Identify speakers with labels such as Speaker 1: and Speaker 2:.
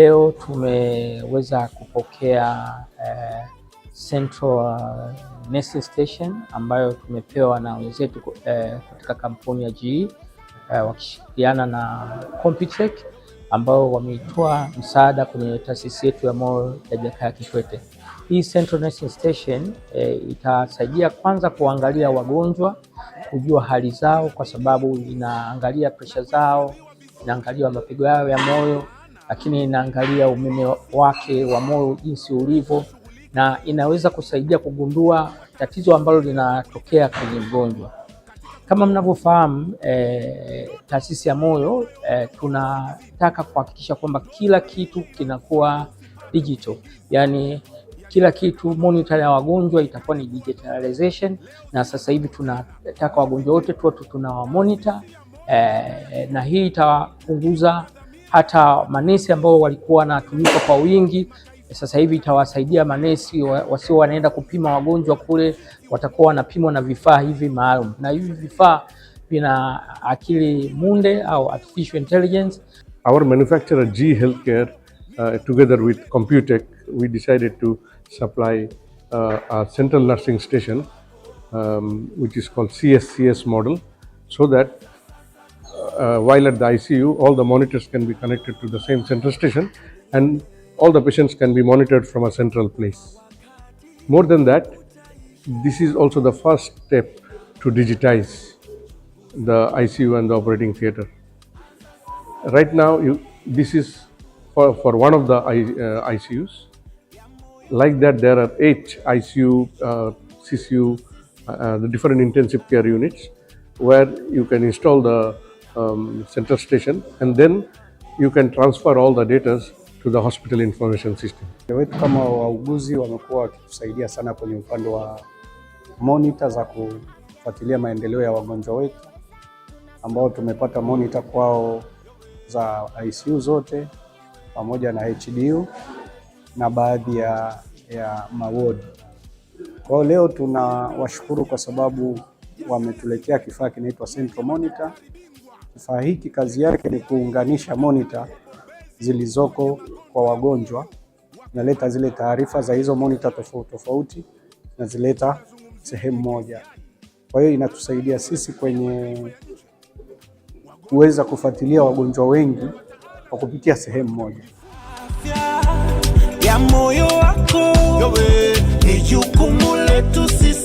Speaker 1: leo tumeweza kupokea eh, Central eh, Nurse Station ambayo tumepewa na wenzetu eh, katika kampuni ya GE eh, wakishirikiana na Compitech ambao wameitoa msaada kwenye taasisi yetu ya moyo ya Jakaya Kikwete. Hii Central Nursing Station e, itasaidia kwanza kuangalia wagonjwa, kujua hali zao, kwa sababu inaangalia presha zao, inaangalia mapigo yao ya moyo lakini inaangalia umeme wake wa moyo jinsi ulivyo, na inaweza kusaidia kugundua tatizo ambalo linatokea kwenye mgonjwa. Kama mnavyofahamu e, taasisi ya moyo e, tunataka kuhakikisha kwamba kila kitu kinakuwa digital, yani kila kitu monitor ya wagonjwa itakuwa ni digitalization, na sasa hivi tunataka wagonjwa wote tuwe tunawamonitor e, na hii itapunguza hata manesi ambao walikuwa wanatumika kwa wingi sasa hivi itawasaidia manesi wasio wanaenda kupima wagonjwa kule, watakuwa wanapimwa na vifaa hivi maalum, na hivi vifaa vina akili munde au artificial intelligence.
Speaker 2: Our manufacturer G Healthcare uh, together with Computec we decided to supply uh, a central nursing station um, which is called CSCS model so that Uh, while at the ICU, all the monitors can be connected to the same central station and all the patients can be monitored from a central place. More than that, this is also the first step to digitize the ICU and the operating theatre. Right now, you, this is for, for one of the uh, ICUs. Like that, there are eight ICU, uh, CCU, uh, uh, the different intensive care units where you can install the um, central station and then you can transfer all the data to the hospital information system.
Speaker 1: Wetu kama wauguzi wamekuwa wakitusaidia sana kwenye upande wa monitor za kufuatilia maendeleo ya wagonjwa wetu ambao tumepata monitor kwao za ICU zote pamoja na HDU na baadhi ya, ya mawodi. Kwa leo tunawashukuru kwa sababu wametuletea kifaa kinaitwa Central Monitor Kifaa hiki kazi yake ni kuunganisha monitor zilizoko kwa wagonjwa, naleta zile taarifa za hizo monitor tofauti tofauti na zileta sehemu moja. Kwa hiyo inatusaidia sisi kwenye kuweza kufuatilia wagonjwa wengi kwa kupitia sehemu moja ya moyo wako. Ni jukumu letu sisi